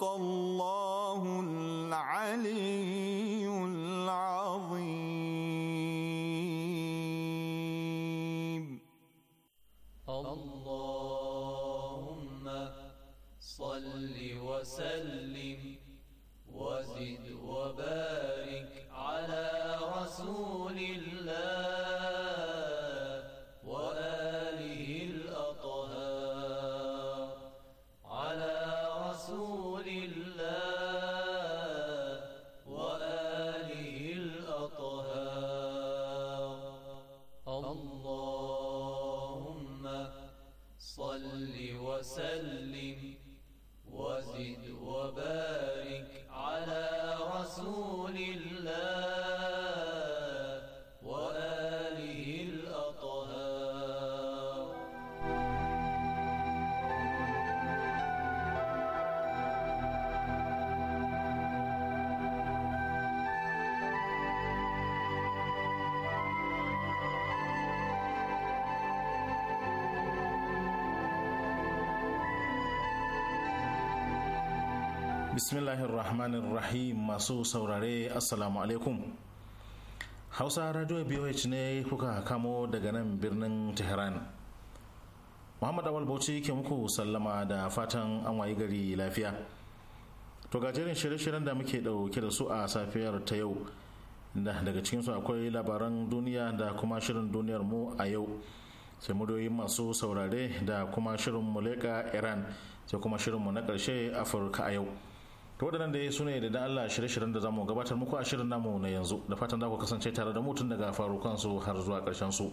صدق الله bismillahirrahmanirrahim masu saurare assalamu alaikum hausa radio boh ne kuka kamo daga nan birnin tehran muhammad awal bauchi ke muku sallama da fatan an wayi gari lafiya to gajeren shirye-shiryen da muke dauke da su a safiyar ta yau da daga cikinsu akwai labaran duniya da kuma shirin duniyar mu a yau sai muryoyin masu saurare da kuma shirin muleka iran sai kuma mu na ƙarshe afirka a yau to waɗannan da su ne da Allah shirye-shiryen da zamu gabatar muku a shirin namu na yanzu da fatan za ku kasance tare da mutun daga farukan su har zuwa karshen su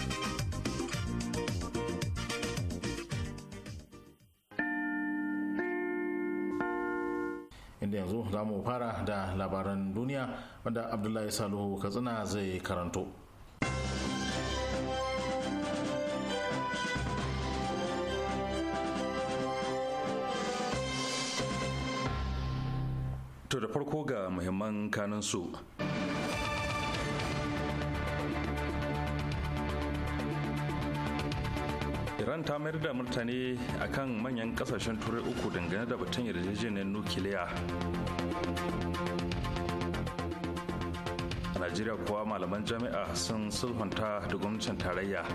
inda yanzu za mu fara da labaran duniya wanda abdullahi saluhu katsina zai karanto to da farko ga muhimman kanunsu su iran ta mayar da martani akan manyan kasashen turai uku dangane da batun yarjejeniyar nukiliya a najeriya kuwa malaman jami'a sun sulhunta da gwamnatin tarayya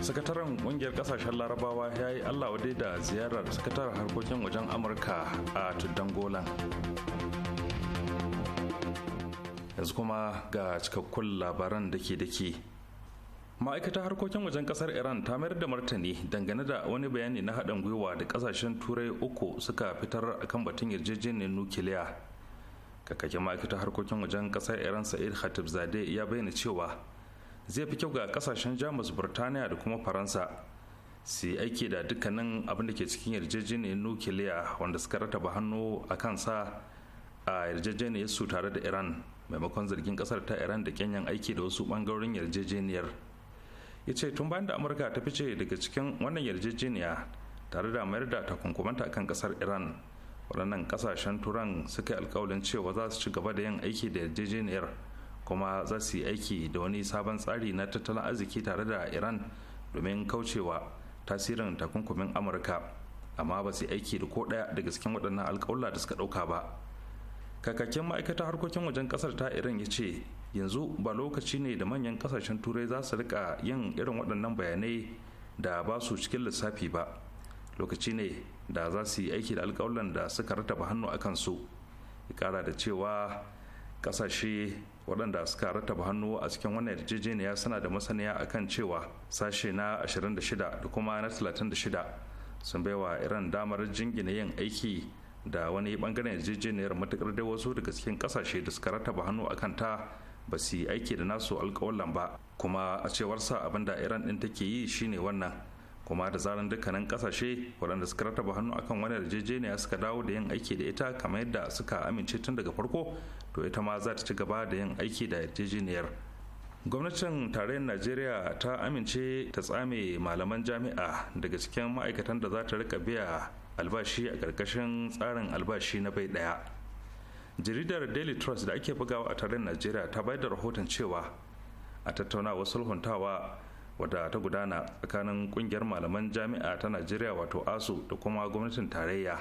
sakataren kungiyar kasashen larabawa ya yi allah wadai da ziyarar sakataren harkokin wajen amurka a tuddan golan yanzu kuma ga cikakkun labaran dake-dake ma'aikatar harkokin wajen kasar iran ta mayar da martani dangane da wani bayani na haɗin gwiwa da ƙasashen turai uku suka fitar a kan batun yarjejeniyar nukiliya kakakin ma'aikatar harkokin wajen kasar iran sa'id khatib zade ya bayyana cewa zai fi kyau ga ƙasashen jamus burtaniya da kuma faransa su yi aiki da dukkanin abin da ke cikin yarjejeniyar nukiliya wanda suka rataba hannu a kansa a yarjejeniyar su tare da iran maimakon zargin kasar ta iran da kenyan aiki da wasu bangarorin yarjejeniyar ya ce tun bayan da amurka ta fice daga cikin wannan yarjejeniya tare da mayar da takunkumanta kan kasar iran waɗannan kasashen turan suka yi alkawalin cewa za su ci gaba da yin aiki da yarjejeniyar kuma za su yi aiki da wani sabon tsari na tattalin arziki tare da iran domin kaucewa tasirin takunkumin amurka amma ba su yi aiki da ko ɗaya daga cikin waɗannan alkawla da suka ɗauka ba kakakin ma'aikatar harkokin wajen kasar ta iran ya ce yanzu ba lokaci ne da manyan kasashen turai za su rika yin irin waɗannan bayanai da ba su cikin lissafi ba lokaci ne da za su yi aiki da alƙawalan da suka rataba hannu a kansu ƙara da cewa ƙasashe waɗanda suka rataba hannu a cikin wannan yarjejeniya suna da masaniya akan cewa sashe na 26 da kuma na 36 sun baiwa iran damar jingina yin aiki da wani bangaren yarjejeniyar matukar da wasu daga cikin ƙasashe da suka rataba hannu a kanta ba su yi aiki da nasu alkawalan ba kuma a sa abin da iran ɗin take yi shine wannan kuma da zaran dukkanin kasashe waɗanda suka rataba hannu akan wani yarjejeniya suka dawo da yin aiki da ita kamar yadda suka amince tun daga farko to ita ma za ta ci gaba da yin aiki da yarjejeniyar gwamnatin tarayyar najeriya ta amince ta tsame malaman jami'a daga cikin ma'aikatan da za ta rika biya albashi a ƙarƙashin tsarin albashi na bai ɗaya jaridar daily trust da ake bugawa a taron najeriya ta bayar da rahoton cewa a tattaunawar sulhuntawa wadda ta gudana tsakanin kungiyar malaman jami'a ta najeriya wato asu da kuma gwamnatin tarayya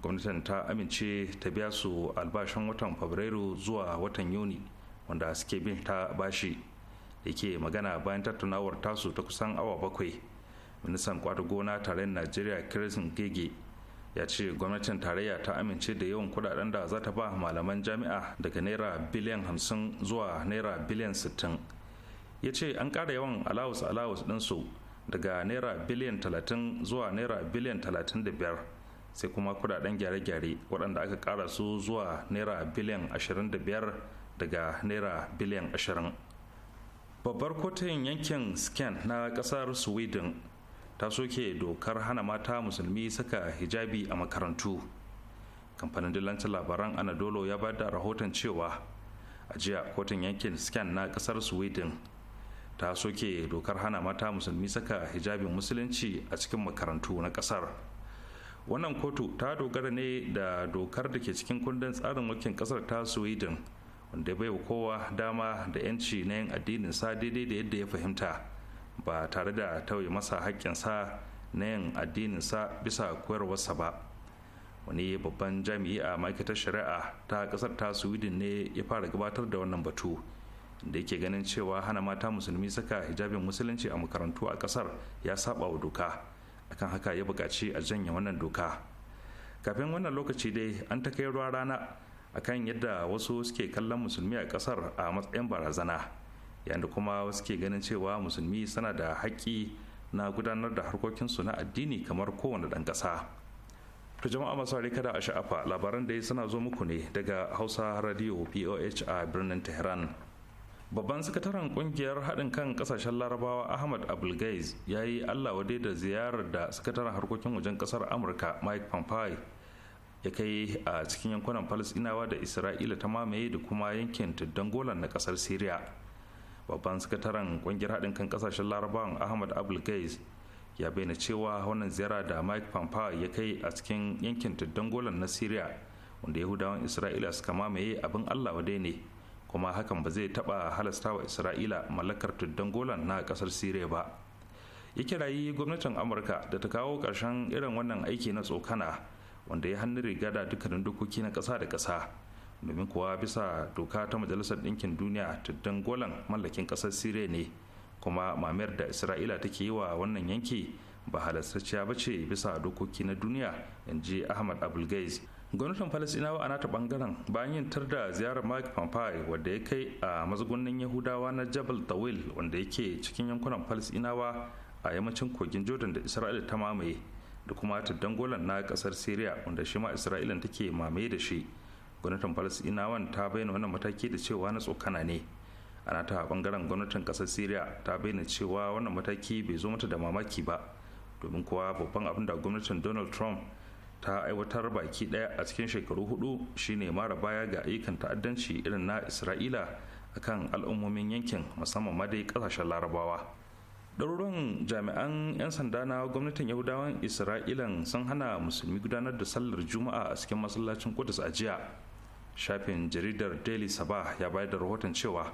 gwamnatin ta amince ta biya su albashin watan fabrairu zuwa watan yuni wanda suke bin ta bashi da ke magana bayan tattaunawar tasu ta kusan awa bakwai ministan kwata gona tarayyar najeriya kirsin gege ya ce gwamnatin tarayya ta amince da yawan kudaden da za ta ba malaman jami'a daga naira biliyan hamsin zuwa naira biliyan sittin, ya ce an ƙara yawan alawus alawus ɗinsu daga naira biliyan talatin zuwa naira biliyan talatin da biyar, sai kuma kudaden gyare-gyare waɗanda aka ƙara su zuwa naira biliyan 25 daga naira biliyan ashirin. babbar kotun yankin Sken na ƙasar sweden ta soke dokar hana mata musulmi saka hijabi a makarantu kamfanin dillancin labaran anadolo ya ba da rahoton cewa a jiya kotun yankin scan na kasar sweden ta soke dokar hana mata musulmi saka hijabin musulunci a cikin makarantu na kasar wannan kotu ta dogara ne da dokar da ke cikin kundin tsarin mulkin kasar ta sweden wanda bai wa kowa dama da 'yanci na yin addinin sa daidai da yadda ya fahimta ba tare da tauye masa haƙƙinsa na yin addininsa bisa koyarwarsa ba wani babban jami'i a ma'aikatar shari'a ta ƙasar ta sweden ne ya fara gabatar da wannan batu da yake ganin cewa hana mata musulmi saka hijabin musulunci a makarantu a ƙasar ya saba wa doka akan haka ya buƙaci a janye wannan doka kafin wannan lokaci dai an ta kai ruwa rana akan yadda wasu suke kallon musulmi a ƙasar a matsayin barazana yadda kuma wasu ke ganin cewa musulmi suna da haƙƙi na gudanar da harkokinsu na addini kamar kowane ɗan ƙasa to jama'a masu kada a sha'afa labaran da ya suna zo muku ne daga hausa radio poh a birnin tehran babban sakataren kungiyar haɗin kan ƙasashen larabawa ahmad abulgaiz ya yi allah wadai da ziyarar da sakataren harkokin wajen ƙasar amurka mike pompeo ya kai a cikin yankunan falasɗinawa da isra'ila ta mamaye da kuma yankin tuddan golan na ƙasar syria babban sakataren kungiyar haɗin kan kasashen larabawan ahmad abul gais ya bayyana cewa wannan ziyara da mike pompeo ya kai a cikin yankin tuddan golan na syria wanda yahudawan isra'ila suka mamaye abin allah wadai ne kuma hakan ba zai taɓa halasta wa isra'ila mallakar tuddan golan na ƙasar syria ba ya kirayi gwamnatin amurka da ta kawo ƙarshen irin wannan aiki na tsokana wanda ya hannu riga da dukkanin dokoki na ƙasa da ƙasa domin kuwa bisa doka ta majalisar ɗinkin duniya ta dangolan mallakin ƙasar siriya ne kuma mamayar da isra'ila take yi wa wannan yanki ba halastacciya ba ce bisa dokoki na duniya in ji ahmad abulgais gwamnatin falasinawa a nata bangaren bayan yin tar da ziyarar mike pompeo wadda ya kai a mazagunan yahudawa na jabal tawil wanda yake cikin yankunan falasinawa a yammacin kogin jordan da isra'ila ta mamaye da kuma ta dangolan na ƙasar syria wanda shi ma isra'ilan take mamaye da shi gwamnatin falasɗinawan ta bayyana wannan mataki da cewa na tsokana ne ana ta bangaren gwamnatin kasar syria ta bayyana cewa wannan mataki bai zo mata da mamaki ba domin kuwa babban abin da gwamnatin donald trump ta aiwatar baki ɗaya a cikin shekaru hudu shine mara baya ga ayyukan ta'addanci irin na isra'ila akan al'ummomin yankin musamman ma dai kasashen larabawa ɗaruruwan jami'an 'yan sanda na gwamnatin yahudawan isra'ilan sun hana musulmi gudanar da sallar juma'a a cikin masallacin kudus a jiya shafin jaridar daily sabah ya bayar da rahoton cewa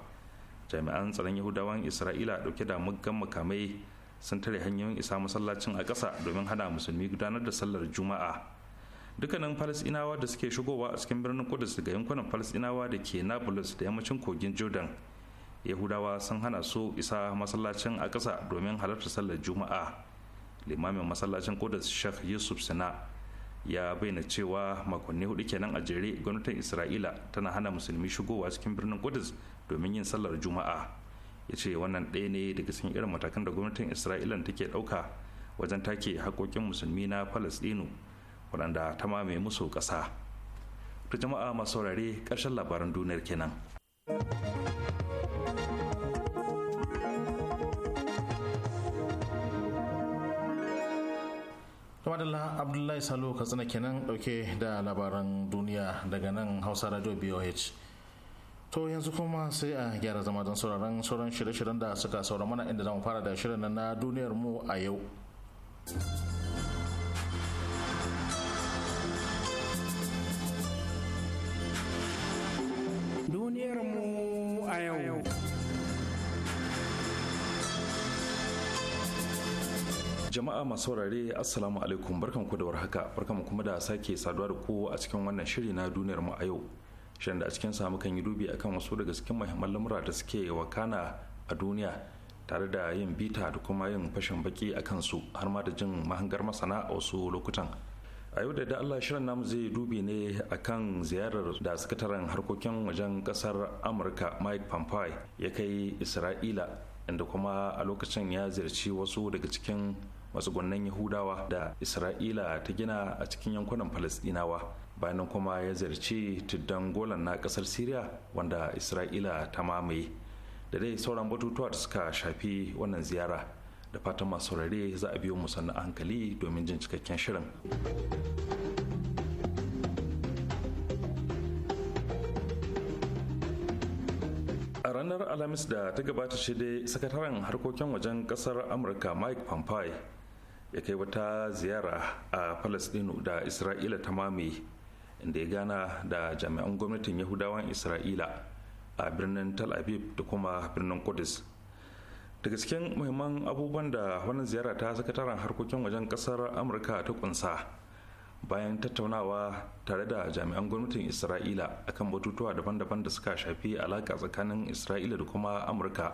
jami'an tsaron yahudawan isra'ila dauke da muggan makamai sun tare hanyoyin isa masallacin a ƙasa domin hana musulmi gudanar da sallar juma'a dukkanin falasinawa da suke shigowa a cikin birnin kudus daga yankunan falasinawa da ke nablus da yammacin kogin jordan yahudawa sun hana su isa masallacin a ƙasa domin halarta sallar juma'a limamin masallacin kudus sheikh yusuf sina ya bayyana cewa makonni hudu kenan a jere gwamnatin isra'ila tana hana musulmi shigowa cikin birnin kudus domin yin sallar juma'a ya ce wannan ɗaya ne daga cikin irin matakan da gwamnatin isra'ila take ɗauka wajen take haƙoƙin musulmi na Falasɗinu, waɗanda ta mamaye musu ƙasa ta jama'a masu saurare ƙarshen labaran duniyar kenan Tumadala Abdullahi Salo Katsina kenan dauke da labaran duniya daga nan Hausa Radio BOH. To yanzu kuma sai a gyara zama don sauraron sauran shirye-shiryen da suka saura mana inda zamu fara da shirin na duniyar mu a yau. Duniyar mu a yau. jama'a masu saurare assalamu alaikum barkan ku da warhaka barkan kuma da sake saduwa da ku a cikin wannan shiri na duniyar mu a yau shirin da a cikin samu kan yi dubi akan wasu daga cikin muhimman lamura da suke wakana a duniya tare da yin bita da kuma yin fashin baki a kansu har ma da jin mahangar masana a wasu lokutan a yau da da Allah shirin namu zai dubi ne akan ziyarar da sakataren harkokin wajen kasar amurka mike pompeo ya kai isra'ila inda kuma a lokacin ya ziyarci wasu daga cikin matsugunan yahudawa da isra'ila ta gina a cikin yankunan falasdinawa bayan kuma ya ziyarci tuddan golan na kasar syria wanda isra'ila ta mamaye da dai sauran batutuwa da suka shafi wannan ziyara da fatan masu saurare za a biyo musamman hankali domin jin cikakken shirin a ranar alhamis da ta gabata shi dai sakataren harkokin wajen kasar amurka mike pompeo ya kai wata ziyara a falasdinu da isra'ila ta mamaye inda ya gana da jami'an gwamnatin yahudawan isra'ila a birnin Tal aviv da kuma birnin kudus daga cikin muhimman abubuwan da wannan ziyara ta sakataren harkokin wajen kasar amurka ta kunsa bayan tattaunawa tare da jami'an gwamnatin isra'ila akan batutuwa daban-daban da suka shafi alaƙa tsakanin isra'ila da kuma amurka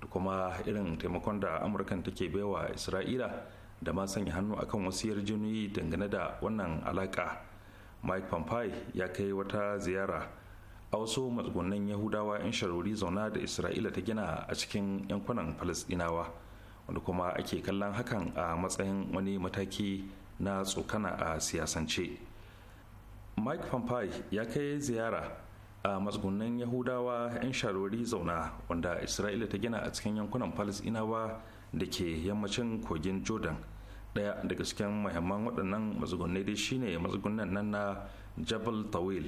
da kuma irin taimakon da amurkan take baiwa isra'ila da ma sanya hannu akan wasu yarjejeniyoyi dangane da wannan alaka mike pompeo ya kai wata ziyara a wasu matsugunan yahudawa 'yan sharori zauna da isra'ila ta gina a cikin yankunan falasdinawa wanda kuma ake kallon hakan a matsayin wani mataki na tsokana a siyasance mike pompeo ya kai ziyara a matsugunan yahudawa 'yan sharori zauna wanda isra'ila ta gina a cikin yankunan falasdinawa da ke yammacin kogin jordan daya daga cikin mahimman waɗannan matsugunai dai shine matsugunan nan na jabal tawil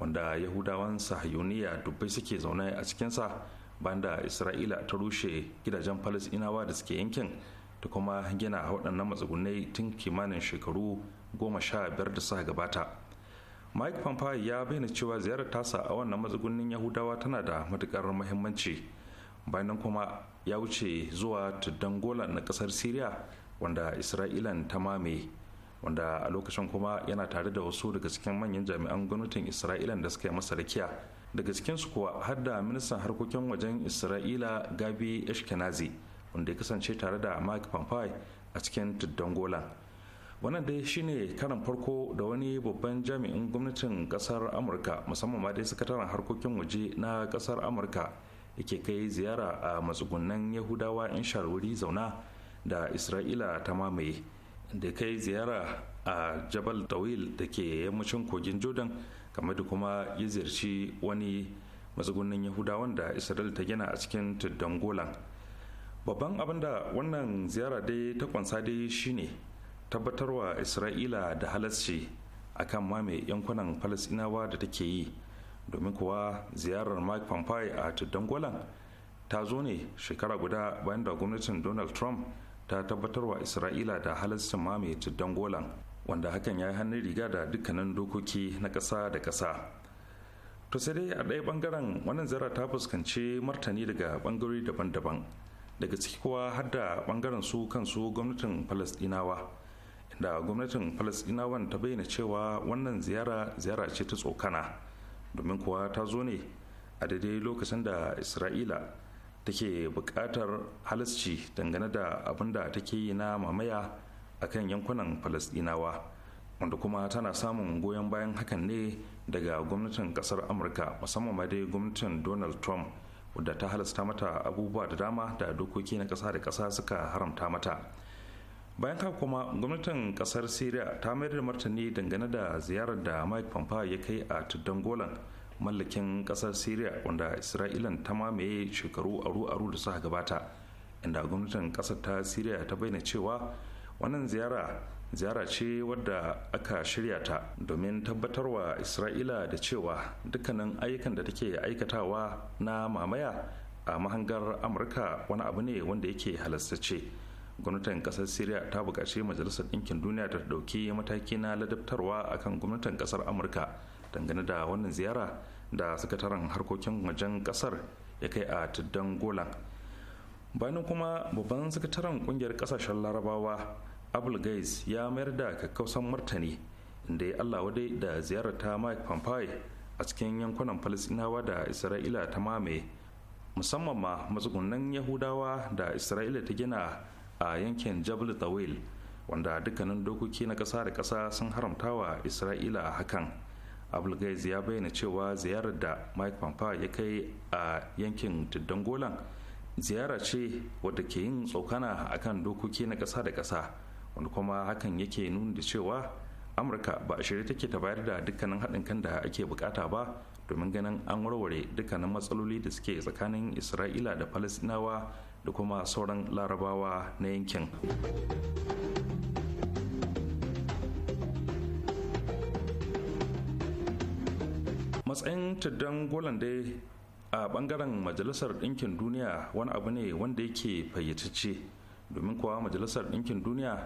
wanda yahudawan sahayuniya dubbai suke zaune a cikinsa bayan da isra'ila ta rushe gidajen falasinawa da suke yankin da kuma gina waɗannan matsugunai tun kimanin shekaru goma sha biyar da suka gabata mike pompeo ya bayyana cewa ziyarar tasa a wannan matsugunin yahudawa tana da matukar muhimmanci bayan kuma ya wuce zuwa tuddan golan na kasar syria wanda isra'ilan ta mamaye wanda a lokacin kuma yana tare da wasu daga cikin manyan jami'an gwamnatin isra'ilan da suka yi masa rakiya daga cikinsu kuwa har da ministan harkokin wajen isra'ila gabi ashkenazi wanda ya kasance tare da mike pompeo a cikin tuddan golan wannan dai shine karan farko da wani babban jami'in gwamnatin kasar amurka musamman ma dai sakataren harkokin waje na kasar amurka yake kai ziyara a matsugunan yahudawa in sharwari zauna da isra'ila ta mamaye da kai ziyara a jabal tawil da ke yammacin kogin jordan game da kuma ya ziyarci wani matsugunan yahudawan da isra'ila ta gina a cikin tuddan golan babban abin da wannan ziyara dai ta kwansa dai shine tabbatarwa isra'ila da halasci kan mamaye yankunan falasinawa da take yi domin kuwa ziyarar mike pompeo a tuddan golan ta zo ne shekara guda bayan da gwamnatin donald trump ta tabbatar wa isra'ila da halascin mamaye tuddan golan wanda hakan ya yi hannun riga da dukkanin dokoki na ƙasa da ƙasa to sai dai a ɗaya ɓangaren wannan zara ta fuskanci martani daga ɓangarori daban-daban daga ciki kuwa har da ɓangaren su kansu gwamnatin falasɗinawa inda gwamnatin falasɗinawan ta bayyana cewa wannan ziyara ziyara ce ta tsokana domin kuwa ta zo ne a daidai lokacin da isra'ila take bukatar halasci dangane da abin da take yi na mamaya a kan yankunan falasdinawa wanda kuma tana samun goyon bayan hakan ne daga gwamnatin ƙasar amurka musamman ma dai gwamnatin donald trump wadda ta halasta mata abubuwa da dama da dokoki na ƙasa da ƙasa suka haramta mata bayan haka kuma gwamnatin ƙasar syria ta mayar da martani dangane da ziyarar da mike pompeo ya kai a tuddan golan mallakin kasar syria wanda isra'ilan ta mamaye shekaru aru-aru da suka gabata inda gwamnatin kasar ta syria ta bayyana cewa wannan ziyara ziyara ce wadda aka shirya ta domin tabbatarwa isra'ila da cewa dukkanin ayyukan da take aikatawa na mamaya a mahangar amurka wani abu ne wanda yake halastace gwamnatin kasar syria ta bukaci majalisar ɗinkin duniya ta ɗauki mataki na ladabtarwa akan gwamnatin kasar amurka dangane da wannan ziyara da sakataren harkokin wajen kasar ya kai a tuddan golan bayan kuma babban sakataren kungiyar kasashen larabawa abul gais ya mayar da kakkausan martani inda ya allah wadai da ziyarar ta mike pompeo a cikin yankunan falasinawa da isra'ila ta mamaye musamman ma matsugunan yahudawa da isra'ila ta gina a yankin jabal tawil wanda dukkanin dokoki na ƙasa da ƙasa sun haramta wa isra'ila hakan abulgais ya bayyana cewa ziyarar da mike pompeo ya kai a yankin tuddan ziyara ce wadda ke yin tsokana a kan dokoki na ƙasa da ƙasa wanda kuma hakan yake nuna da cewa amurka ba a shirye take ta bayar da dukkanin haɗin kan da ake bukata ba domin ganin an warware dukkanin matsaloli da suke tsakanin isra'ila da falasinawa da kuma sauran larabawa na yankin matsayin tuddan golan dai a bangaren majalisar ɗinkin duniya wani abu ne wanda yake fayyacece domin kuwa majalisar ɗinkin duniya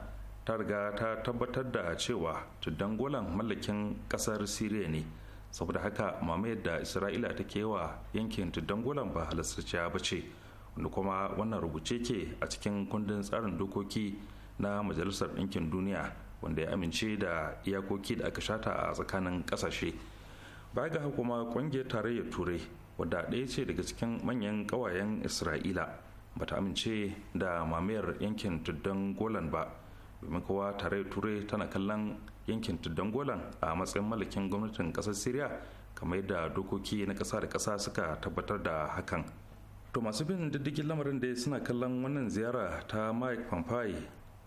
ta riga ta tabbatar da cewa tuddan golan mallakin ƙasar siriya ne saboda haka mamaye da isra'ila take wa yankin tuddan golan ba halastarciya ba ce wanda kuma wannan rubuce ke a cikin kundin tsarin dokoki na majalisar ɗinkin duniya wanda ya amince da iyakoki da aka shata a tsakanin ƙasashe baya ga kuma kungiyar tarayyar turai wadda ɗaya ce daga cikin manyan ƙawayen isra'ila ba ta amince da mamayar yankin tuddan golan ba domin kowa tarayyar turai tana kallon yankin tuddan golan a matsayin mallakin gwamnatin ƙasar syria kamar yadda dokoki na ƙasa da ƙasa suka tabbatar da hakan to masu bin diddigin lamarin da suna kallon wannan ziyara ta mike pompeo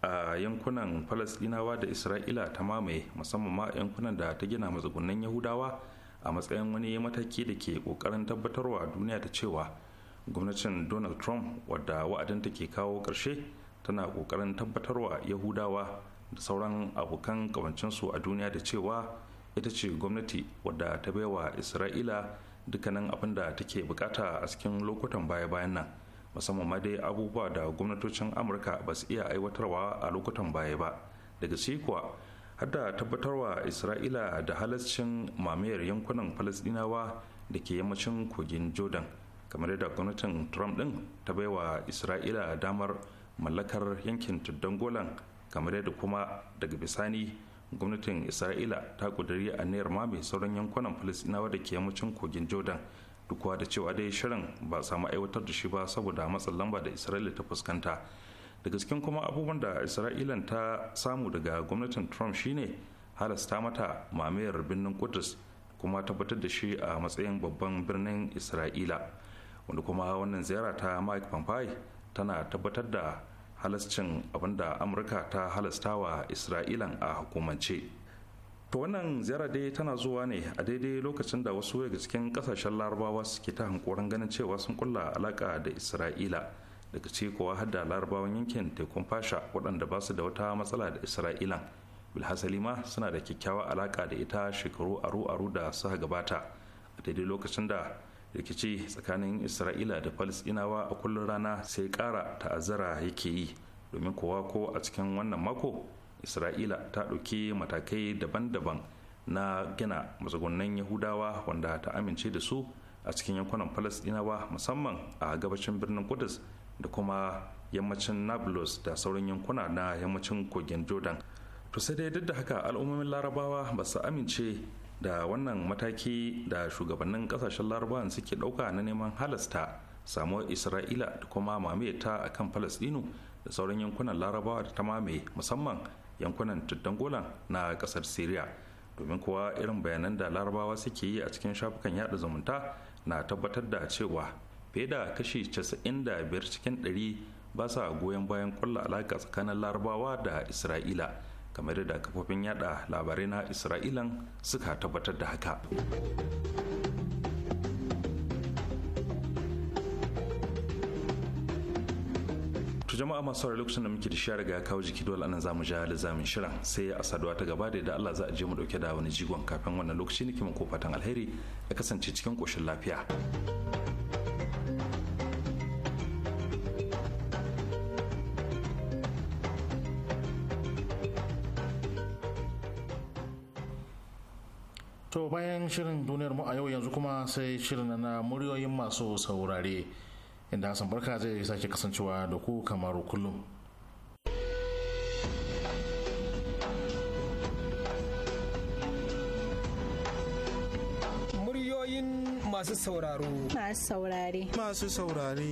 a yankunan falasdinawa da isra'ila ta mamaye musamman ma yankunan da ta gina matsugunan yahudawa a matsayin wani mataki da ke kokarin tabbatarwa duniya da cewa gwamnatin donald trump wadda wa'adinta ke kawo ƙarshe tana kokarin tabbatarwa yahudawa da sauran abokan kawancinsu a duniya da cewa ita ce gwamnati wadda ta baiwa isra'ila dukkanin abin da take bukata a cikin lokutan baya-bayan nan musamman ma dai abubuwa da gwamnatocin amurka ba su iya aiwatarwa a lokutan baya ba daga sai kuwa har da tabbatarwa isra'ila da halascin mamayar yankunan falasdinawa da ke yammacin kogin jordan kamar yadda gwamnatin trump din ta wa isra'ila damar mallakar yankin tuddan golan kamar yadda kuma daga bisani gwamnatin isra'ila ta kuduri aniyar mai sauran yankunan falasdinawa da ke yammacin kogin jordan duk da cewa dai shirin ba samu aiwatar da shi ba saboda matsin lamba da isra'ila ta fuskanta da cikin kuma abubuwan da isra'ilan ta samu daga gwamnatin trump shine halasta mata mamayar birnin kudus kuma tabbatar da shi a matsayin babban birnin isra'ila wanda kuma wannan ziyara ta mike pompeo tana tabbatar da halascin abinda amurka ta halasta wa isra'ilan a hukumance to wannan ziyara dai tana zuwa ne a daidai lokacin da wasu daga cikin kasashen larabawa suke ta hankoron ganin cewa sun kulla alaka da isra'ila daga ce kuwa har larabawan yankin tekun fasha waɗanda ba su da wata matsala da isra'ilan bilhassali ma suna da kyakkyawa alaka da ita shekaru aru-aru da suka gabata a daidai lokacin da rikici tsakanin isra'ila da falisdinawa a kullun rana sai kara ta'azzara yake yi domin kowa ko a cikin wannan mako isra'ila ta ɗauki matakai daban-daban na gina matsugunan yahudawa wanda ta amince da su a cikin yankunan falasɗinawa musamman a gabashin birnin kudus da kuma yammacin nablus da sauran yankuna na yammacin kogin jordan to sai dai duk da haka al'ummomin larabawa ba su amince da wannan mataki da shugabannin kasashen larabawan suke ɗauka na neman halasta samuwar isra'ila da kuma mamaye ta akan falastinu da sauran yankunan larabawa da ta mamaye musamman yankunan tuddan golan na kasar syria domin kuwa irin bayanan da larabawa suke yi a cikin shafukan yada zumunta na tabbatar da cewa fiye da kashi 95 cikin 100 ba sa goyon bayan kulla alaka tsakanin larabawa da isra'ila kamar da kafofin yada labarai na isra'ilan suka tabbatar da haka to jama'a masu saurari lokacin da muke da shi riga kawo jiki dole anan zamu ja lizamin shirin sai a saduwa ta gaba da yadda Allah za a je mu dauke da wani jigon kafin wannan lokaci nake ko fatan alheri ya kasance cikin koshin lafiya shirin duniyar mu a yau yanzu kuma sai shirin na muryoyin masu saurare inda Hassan Barka zai sake kasancewa da ku kamar kullum. Muryoyin masu sauraro. Masu saurare. Masu saurare.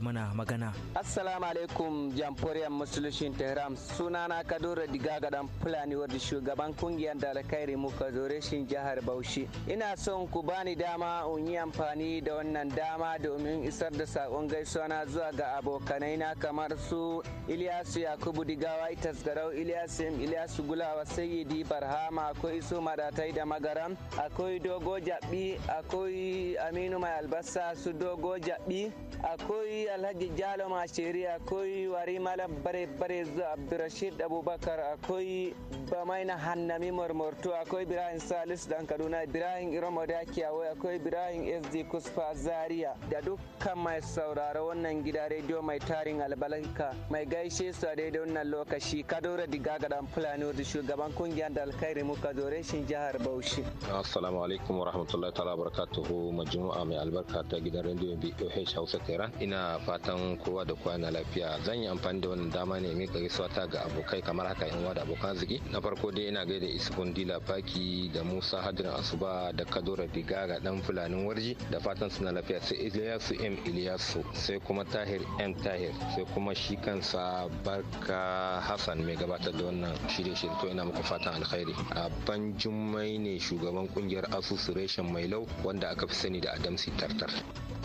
yi mana magana. Assalamu alaikum jamforiyar musulushin Tehran sunana Kadura Diga dan Fulani wadda shugaban kungiyar dalakai Rimuka Zoreshin jihar Bauchi. Ina son ku bani dama in yi amfani da wannan dama domin isar da sakon gaisuwa na zuwa ga abokanai na kamar su Ilyasu Yakubu Digawa Itas Garau Ilyasu M Ilyasu Gulawa Sayyidi Barhama akwai su Madatai da Magaram akwai Dogo Jabi akwai Aminu Mai Albasa su Dogo Jabi akwai alhaji jalo mashiri akwai wari malam bare bare abdurashid abubakar akwai bamaina hannami marmartu akwai ibrahim Salisu dan kaduna ibrahim iromo dakiyawai akwai ibrahim sd kusfa zaria da dukkan mai sauraro wannan gida rediyo mai tarin albarka, mai gaishe su a daidai wannan lokaci kadora diga gadan fulani da shugaban kungiyar da alkhairi muka zore shin jihar bauchi assalamu alaikum wa rahmatullahi ta'ala barakatuhu majmu'a mai albarka ta gidan rediyo boh hausa tehran ina fatan kowa da kowa na lafiya zan yi amfani da wannan dama ne mika gaisuwa ta ga abokai kamar haka yan uwa da abokan arziki na farko dai ina gaida isufun dila faki da musa hadirin asuba da kadora diga ga dan fulanin warji da fatan su na lafiya sai iliyasu m iliyasu sai kuma tahir m tahir sai kuma shi kansa barka hassan mai gabatar da wannan shirye shirye to ina muku fatan alkhairi a ban jummai ne shugaban kungiyar asusu reshen mai lau wanda aka fi sani da adamsi tartar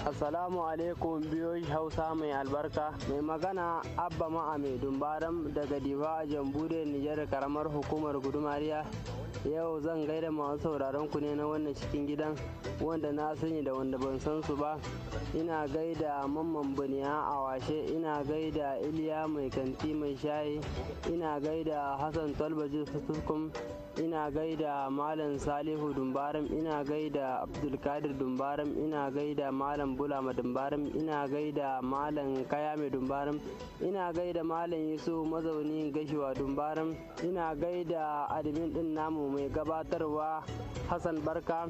assalamu alaikum biyoyi hausa mai albarka mai magana abba ma'a mai dumbaram daga diva a jambude nijar karamar hukumar gudumariya yau zan gaida masu sauraron ku ne na wannan cikin gidan wanda na sani da wanda ban san su ba ina gaida mamman buniya a washe ina gaida iliya mai kanti mai shayi ina gaida hassan talbaji sutukum ina gaida malam salihu dumbaram ina gaida abdulkadir dumbaram ina gaida malam bulama dumbaram ina gaida malam kaya mai dumbarin ina gaida malam yusuf mazaunin gashiwa dumbarin ina gaida admin din namu mai gabatarwa hassan barka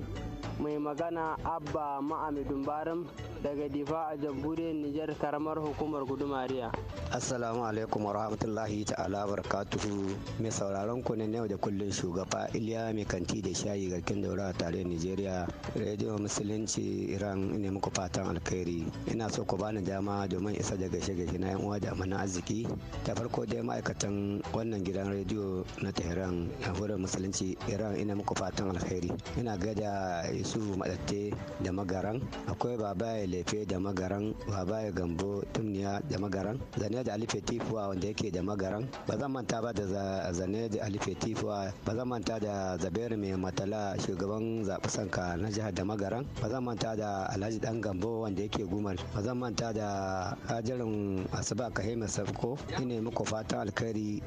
mai magana abba ma'ami dumbarin daga difa a jamhuriyar nijar karamar hukumar gudumariya assalamu alaikum wa rahmatullahi ta'ala barakatuhu mai sauraron ku ne yau da kullum shugaba iliya mai kanti da shayi garkin daura tare nigeria radio musulunci iran ne muku fatan alkhairi ina so ku bani dama domin isa da gashe-gashe na 'yan uwa da amana arziki ta farko dai ma'aikatan wannan gidan rediyo na tehran jamhuriyar musulunci iran ina muku fatan alheri ina gada isu madatte da magaran akwai babaye lefe da magaran babaye gambo tumniya da magaran zane da alife tifuwa wanda yake da magaran ba zan manta ba da zane da alife tifuwa ba zan manta da zaberi mai matala shugaban zaɓi sanka na jihar da magaran ba zan manta da alhaji dan gambo wanda yake gumar ba zan manta da hajarin asuba ka hema sabko ina muku fatan alkhairi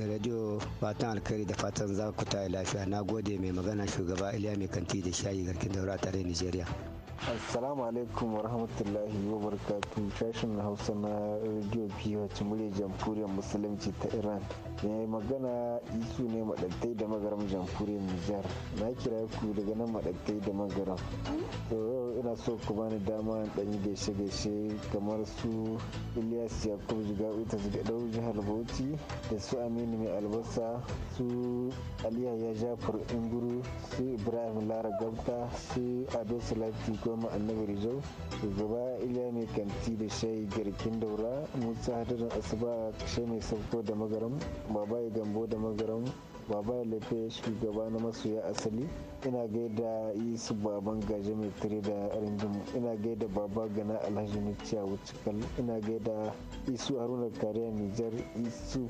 radio fatan alkhairi da fatan za ku ta lafiya na gode mai magana shugaba iliya mai kanti da shayi garkin daura tare nigeria Assalamu alaikum wa rahmatullahi wa barakatu sashen Hausa na Radio PH murya jamhuriyar musulunci ta Iran. Mai magana isu ne maɗattai da magaram jamhuriyar Nijar. Na kira ku daga nan maɗattai da magaram. ina so ku bani dama dan yi gaishe-gaishe kamar su Ilyas Yakub Jigawi ta Jigadau jihar Bauchi da su Aminu Mai Albasa su Aliya ya Jafar Inguru su Ibrahim Lara Gabta su Ado Salati Goma Annabi da shugaba Iliya Mai Kanti da Shai Garkin Daura Musa Hadarin Asuba Shai Mai Sauko da Magaram Baba Gambo da Magaram Babaye Lefe shugaba na masoya asali ina gaida isu baban gaji mai tare da ringin ina gaida baba gana alhaji nuciya wucikal ina gaida isu haruna kariya nijar isu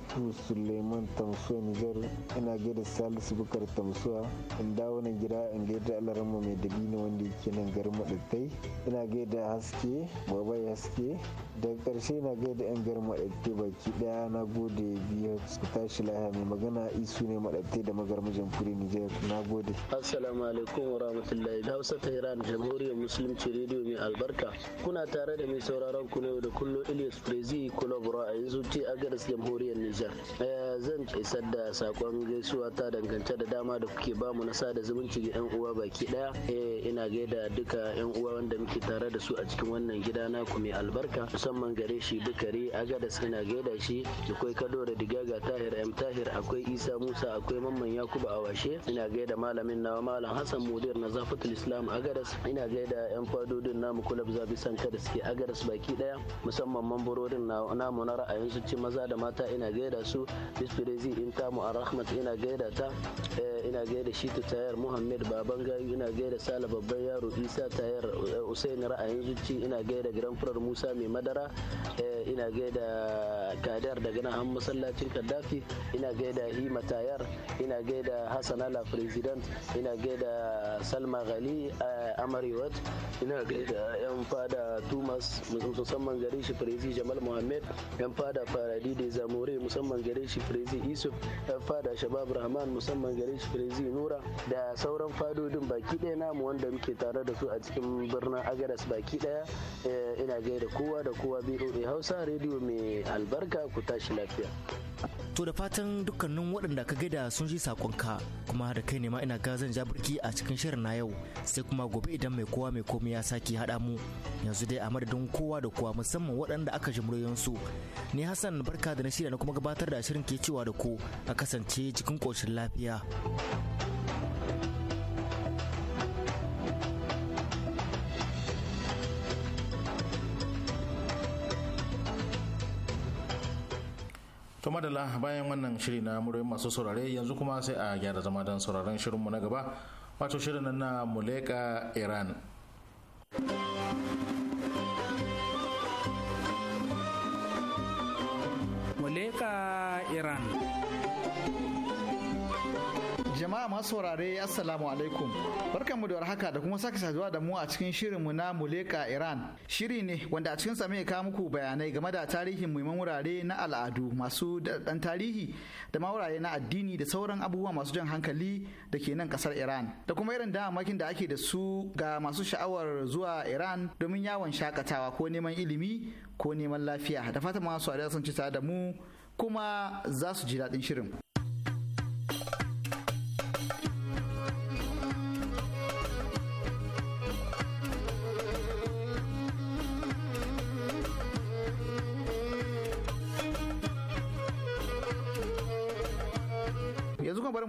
suleiman tamsuwa nijar ina gaida salisu bukar tamsuwa in dawo na gida in gaida alarama mai dabino wanda yake nan garin maɗattai ina gaida haske baba haske daga ƙarshe na gaida yan garin maɗattai baki ɗaya na gode biyar su tashi lahiya mai magana isu ne maɗattai da mijin fure nijar na gode Assalamu alaikum wa rahmatullahi da Hausa ta Iran Jamhuriyar Musulunci Radio mai albarka. Kuna tare da mai sauraron ku yau da kullo Ilyas Prezi Kulabura a yanzu ce garis Jamhuriyar Nijar. Eh, zan isar da sakon gaisuwa ta dangance da dama da kuke bamu na sada zumunci ga yan uwa baki daya. Eh, ina gaida duka yan uwa wanda muke tare da su a cikin wannan gida na ku mai albarka musamman gare shi Bukari garis ina gaida shi akwai da Digaga Tahir M Tahir akwai Isa Musa akwai Mamman Yakubu Awashe ina gaida malamin nawa malam Hassan mudir na zafatul islam agaras ina gaida yan fadodin namu kulab zabi sanka da suke agaras baki daya musamman mambarorin namu na ra'ayin su ci maza da mata ina gaida su bisfirezi in ta a rahmat ina gaida ta eh, ina gaida shi ta tayar muhammed baban gayu ina gaida sala babban yaro isa tayar eh, usain ra'ayin ci ina gaida Grand Prix musa mai madara eh, ina gaida kadar daga nan masallacin kaddafi ina gaida hima tayar ina gaida hassan ala president ina gaida salma ghali a amarewa ina gaida yan fada tumas musamman gare shi firizi jamal muhammed yan fada faradi da zamore musamman gare shi firizi isuf yan fada shabab rahman musamman gare shi firizi nura da sauran fadodin baki ɗaya namu wanda muke tare da su a cikin birnin agadas baki ɗaya eh, ina gaida kowa da kowa boa hausa rediyo mai albarka ku tashi lafiya to da fatan dukkanin waɗanda ka gaida sun ji sakonka kuma da kai ne ma ina ga zan ja ja a cikin shirin na yau sai kuma gobe idan mai kowa mai komai ya sake haɗa mu yanzu dai a madadin kowa da kowa musamman waɗanda aka ji su ni hassan barka da na shirya na kuma gabatar da shirin ke cewa da ku a kasance cikin ƙoshin lafiya. to madalla bayan wannan shiri na masu saurare yanzu kuma sai a gyara zama don sauraron shirinmu na gaba wato shirin na muleka iran masu saurare assalamu alaikum mu da warhaka da kuma sake saduwa da mu a cikin shirin shirinmu na muleka iran shiri ne wanda a cikin mai kawo muku bayanai game da tarihin muhimman wurare na al'adu masu dan tarihi da ma wurare na addini da sauran abubuwa masu jan hankali da ke nan kasar iran da kuma irin damamakin da ake da su ga masu sha'awar zuwa iran domin yawon shakatawa ko neman ilimi ko neman lafiya da fata masu sun ci tare da mu kuma za su ji daɗin shirin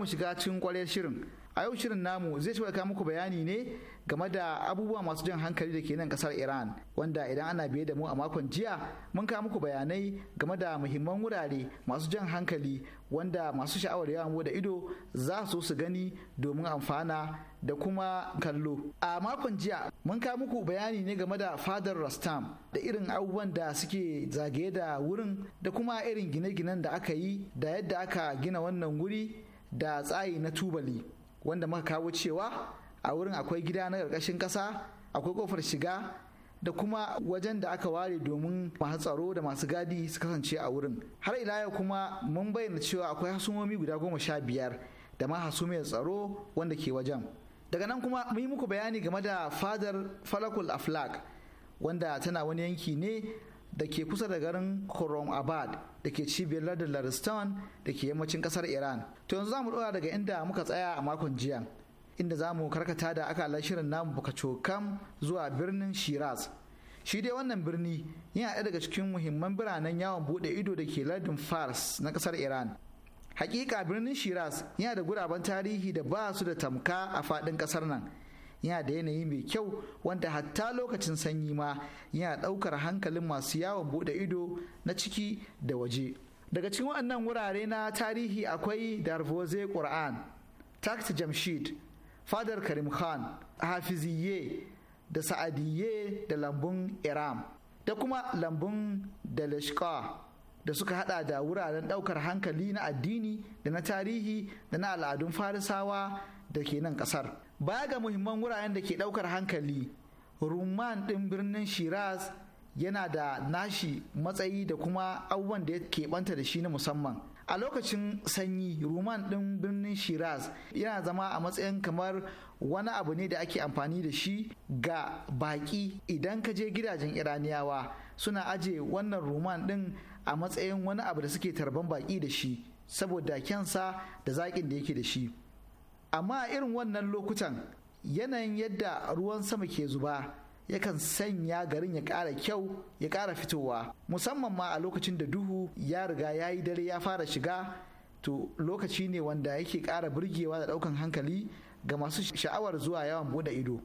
mu shiga cikin kwarar shirin. A yau shirin namu zai shiga muku bayani ne game da abubuwa masu jan hankali da ke nan kasar Iran wanda idan ana biye da mu a makon jiya mun kawo muku bayanai game da muhimman wurare masu jan hankali wanda masu sha'awar yawan da ido za su su gani domin amfana da kuma kallo. A makon jiya mun kawo muku bayani ne game da fadar Rastam da irin abubuwan da suke zagaye da wurin da kuma irin gine-ginen da aka yi da yadda aka gina wannan wuri da tsayi na tubali wanda muka kawo cewa a wurin akwai gida na ƙarƙashin ƙasa akwai ƙofar shiga da kuma wajen da aka ware domin masu tsaro da masu gadi su kasance a wurin har ila yau kuma mun bayyana cewa akwai hasumomi guda goma sha biyar da ma hasumiyar tsaro wanda ke wajen daga nan kuma mun yi muku bayani game da fadar falakul aflak wanda tana wani yanki ne da ke kusa da garin Khorram Abad da ke cibiyar lardin Laristan da ke yammacin kasar Iran. To yanzu za mu ɗora daga inda muka tsaya a makon jiya, inda za mu karkata da akalar shirin namu cokam zuwa birnin Shiraz. Shi dai wannan birni yana ɗaya daga cikin muhimman biranen yawon buɗe ido da ke lardin Fars na kasar Iran. Hakika birnin Shiraz yana da guraben tarihi da ba su da tamka a faɗin ƙasar nan. yana da yanayi mai kyau wanda hatta lokacin sanyi ma yana ɗaukar hankalin masu yawon bude ido na ciki da waje daga cikin waɗannan wurare na tarihi akwai darvoze qur'an takta jamshid fadar karim khan hafiziye da sa'adiye da lambun iram da kuma lambun dalashka da suka hada da wuraren daukar hankali na addini da na tarihi da na al'adun farisawa da ke nan kasar baya ga muhimman wuraren da ke ɗaukar hankali rumman ɗin birnin shiraz yana da nashi matsayi da kuma abubuwan da ya keɓanta da shi na musamman a lokacin sanyi rumman ɗin birnin shiraz yana zama a matsayin kamar wani abu ne da ake amfani da shi ga baƙi idan ka je gidajen iraniyawa suna aje wannan rumman ɗin a matsayin wani abu da suke tarban baƙi da shi saboda kyansa da zaƙin da yake da shi amma irin wannan lokutan yanayin yadda ruwan sama ke zuba yakan sanya garin ya ƙara kyau ya ƙara fitowa musamman ma a lokacin da duhu ya riga ya yi dare ya fara shiga to lokaci ne wanda yake ƙara burgewa da ɗaukan hankali ga masu sha'awar zuwa yawan bude ido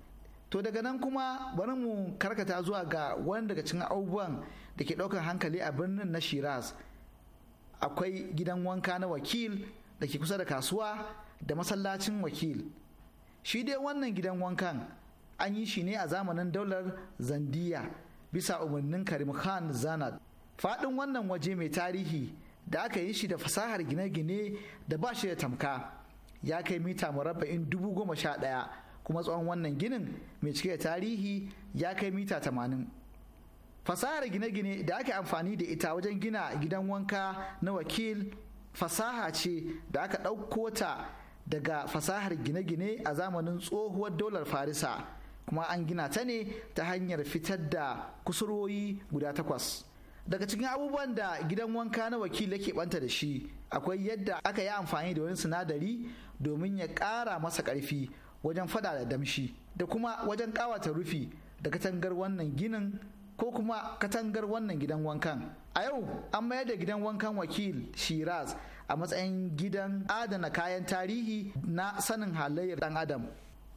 to daga nan kuma bari mu karkata zuwa ga wani daga cikin abubuwan da ke ɗaukan hankali a birnin na shiraz akwai gidan wanka na wakil da ke kusa da kasuwa da masallacin wakil shi dai wannan gidan wankan an yi shi ne a zamanin daular zandiya bisa umarnin karim khan zanat faɗin wannan waje mai tarihi da aka yi shi da fasahar gine-gine da ba shi da tamka ya kai mita murabba'in dubu goma sha ɗaya kuma tsawon wannan ginin mai cike da tarihi ya kai mita tamanin fasahar gine-gine da aka amfani da ita wajen gina gidan wanka na wakil fasaha ce da aka ɗauko ta daga fasahar gine-gine a zamanin tsohuwar Dolar farisa kuma an gina ta ne ta hanyar fitar da kusurwoyi guda takwas daga cikin abubuwan da gidan wanka na wakil yake banta da shi akwai yadda aka yi amfani da wani sinadari domin ya ƙara masa ƙarfi wajen fada da damshi da kuma wajen ƙawata rufi da katangar wannan ginin ko kuma katangar wannan gidan wankan a yau an mayar da gidan wankan wakil shiraz a matsayin gidan adana kayan tarihi na sanin halayyar dan adam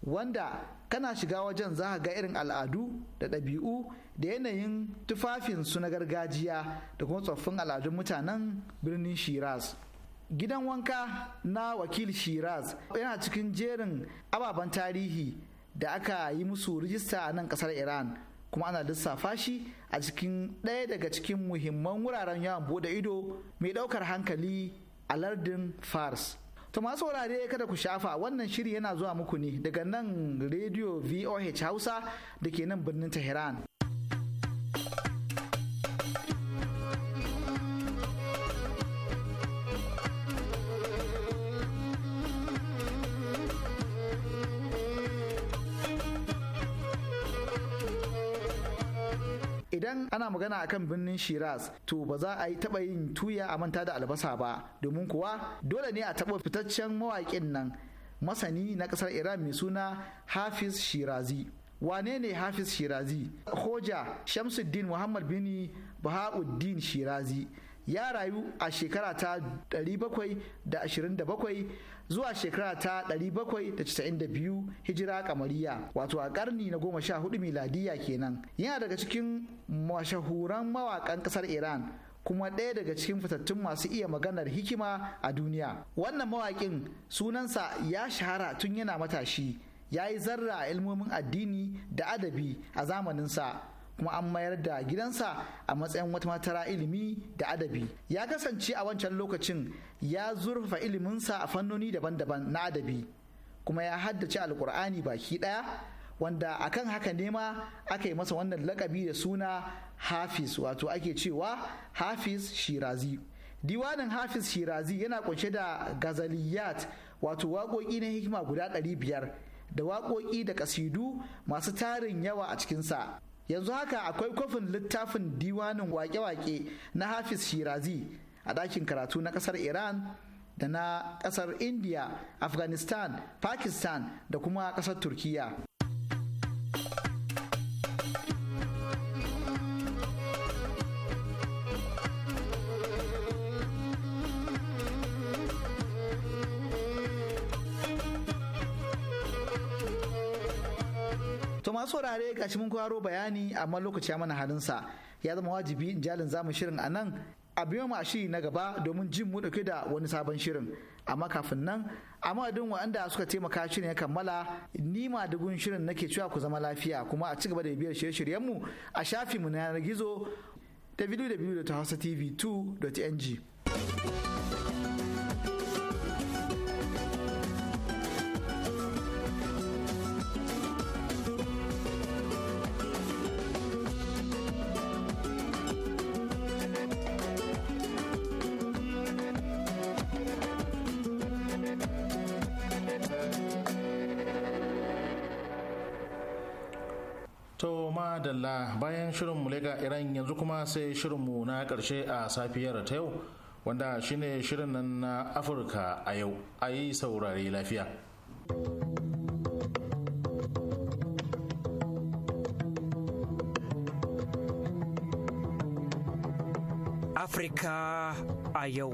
wanda kana shiga wajen za ga irin al'adu da ɗabi'u da yanayin tufafinsu na gargajiya da kuma tsoffin al'adun mutanen birnin shiraz gidan wanka na wakil shiraz yana cikin jerin ababen tarihi da aka yi musu rijista a nan kasar iran kuma ana lissafa shi a cikin ɗaya daga cikin muhimman wuraren yawon bude ido mai ɗaukar hankali a lardin fars to masu wurare kada ku shafa wannan shiri yana zuwa muku ne daga nan rediyo voh hausa da ke nan birnin tehran idan ana magana akan birnin shiraz to ba za a yi taba yin tuya a manta da albasa ba domin kuwa dole ne a taba fitaccen mawaƙin nan masani na ƙasar iran mai suna hafiz shirazi wane ne hafiz shirazi hoja shamsuddin muhammad bin bahauddin shirazi ya rayu a shekara ta 727 zuwa shekara ta 792 hijira kamariya wato a karni na goma sha hudu miladiya kenan yana daga cikin mashahuran mawakan kasar iran kuma ɗaya daga cikin fitattun masu iya maganar hikima a duniya wannan mawaƙin sunansa ya shahara tun yana matashi ya yi zarra a ilmomin addini da adabi a zamaninsa kuma an mayar da gidansa a matsayin wata matara ilimi da adabi ya kasance a wancan lokacin ya zurfa iliminsa a fannoni daban-daban na adabi kuma ya haddace alkur'ani baki ɗaya wanda akan haka nema aka yi masa wannan lakabi da suna hafiz wato ake cewa hafiz shirazi diwanin hafiz shirazi yana kunshe da gazaliyat wato waƙoƙi na hikima guda ɗari biyar da waƙoƙi da ƙasidu masu tarin yawa a cikinsa yanzu haka akwai kofin littafin diwanin wake-wake na hafiz shirazi a ɗakin karatu na ƙasar iran da na ƙasar india afghanistan pakistan da kuma ƙasar turkiya masu wurare gashi mun kwaro bayani amma lokaci ya mana sa ya zama wajibi in jalin zamu shirin a nan a biyo ma shiri na gaba domin jin mu dauke da wani sabon shirin amma kafin nan a madadin waɗanda suka taimaka shirin ya kammala nima ma dugun shirin nake cewa ku zama lafiya kuma a cigaba da biyar shirye-shiryenmu a shafinmu na yanar gizo www.hausatv2.ng yanzu kuma sai shirinmu na ƙarshe a safiyar ta yau wanda shine shirin nan na afirka a yau a yi saurari lafiya afirka a yau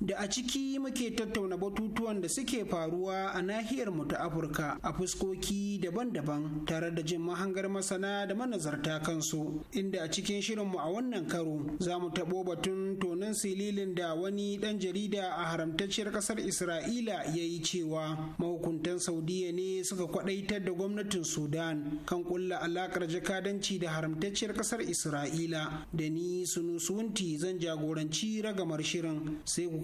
da a ciki muke tattauna batutuwan da suke faruwa a nahiyar mu ta Afirka a fuskoki daban-daban tare da jin mahangar masana da manazarta kansu inda a cikin shirinmu a wannan karo za mu taɓo batun tonin sililin da wani ɗan jarida a haramtacciyar ƙasar Isra'ila ya yi cewa mahukuntan Saudiya ne suka kwaɗaitar da gwamnatin Sudan kan ƙulla alaƙar jakadanci da haramtacciyar ƙasar Isra'ila da ni Sunusunti zan jagoranci ragamar shirin sai ku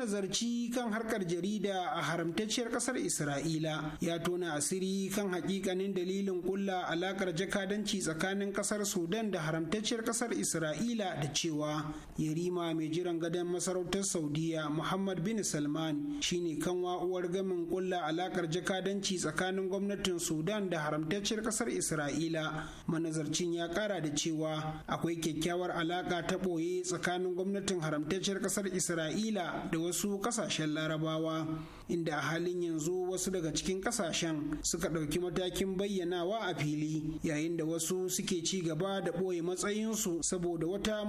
manazarci kan harkar jarida a haramtacciyar kasar isra'ila ya tona asiri kan hakikanin dalilin kulla alakar jakadanci tsakanin kasar sudan da haramtacciyar kasar isra'ila da cewa yarima mai jiran gadon masarautar saudiya muhammad bin salman shine kan wa'uwar gamin kulla alakar jakadanci tsakanin gwamnatin sudan da haramtacciyar kasar isra'ila manazarcin ya kara da cewa akwai kyakkyawar alaka ta ɓoye tsakanin gwamnatin haramtacciyar kasar isra'ila da wasu kasashen larabawa inda a halin yanzu wasu daga cikin kasashen suka ɗauki matakin bayyanawa a fili yayin da wasu suke ci gaba da ɓoye matsayinsu saboda wata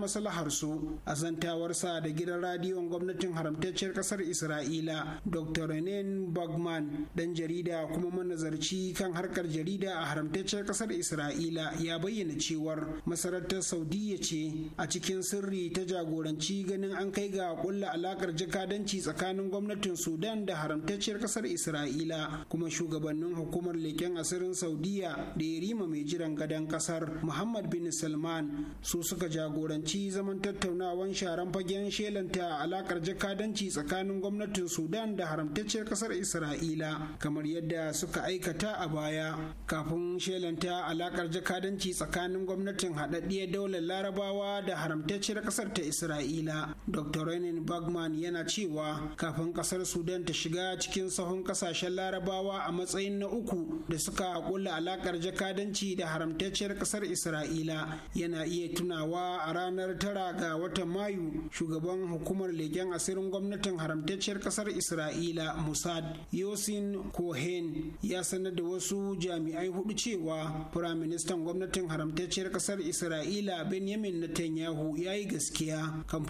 su a zantawarsa da gidan radiyon gwamnatin haramtacciyar ƙasar isra'ila dr renan bagman ɗan jarida kuma manazarci kan harkar jarida a haramtacciyar ƙasar isra'ila ya bayyana cewar masarautar Saudiyya ce a cikin sirri ta jagoranci ganin an kai ga ƙulla alaƙar jakadanci tsakanin gwamnatin sudan da haramtacciyar kasar isra'ila kuma shugabannin hukumar leken asirin saudiya da ya rima mai jiran gadon kasar muhammad bin salman su suka jagoranci zaman tattaunawan sharan fagen shelanta a alakar jakadanci tsakanin gwamnatin sudan da haramtacciyar kasar isra'ila kamar yadda suka aikata a baya kafin shelanta alakar jakadanci tsakanin gwamnatin haɗaɗɗiyar daular larabawa da haramtacciyar kasar ta isra'ila dr renin bagman yana cewa kafin kasar sudan ta shiga shiga cikin sahun kasashen larabawa a matsayin na uku da suka kulla alakar jakadanci da haramtacciyar kasar isra'ila yana iya tunawa a ranar tara ga watan mayu shugaban hukumar leken asirin gwamnatin haramtacciyar kasar isra'ila musad yosin cohen ya sanar da wasu jami'ai hudu cewa firaministan gwamnatin haramtacciyar kasar isra'ila benjamin netanyahu ya yi gaskiya kan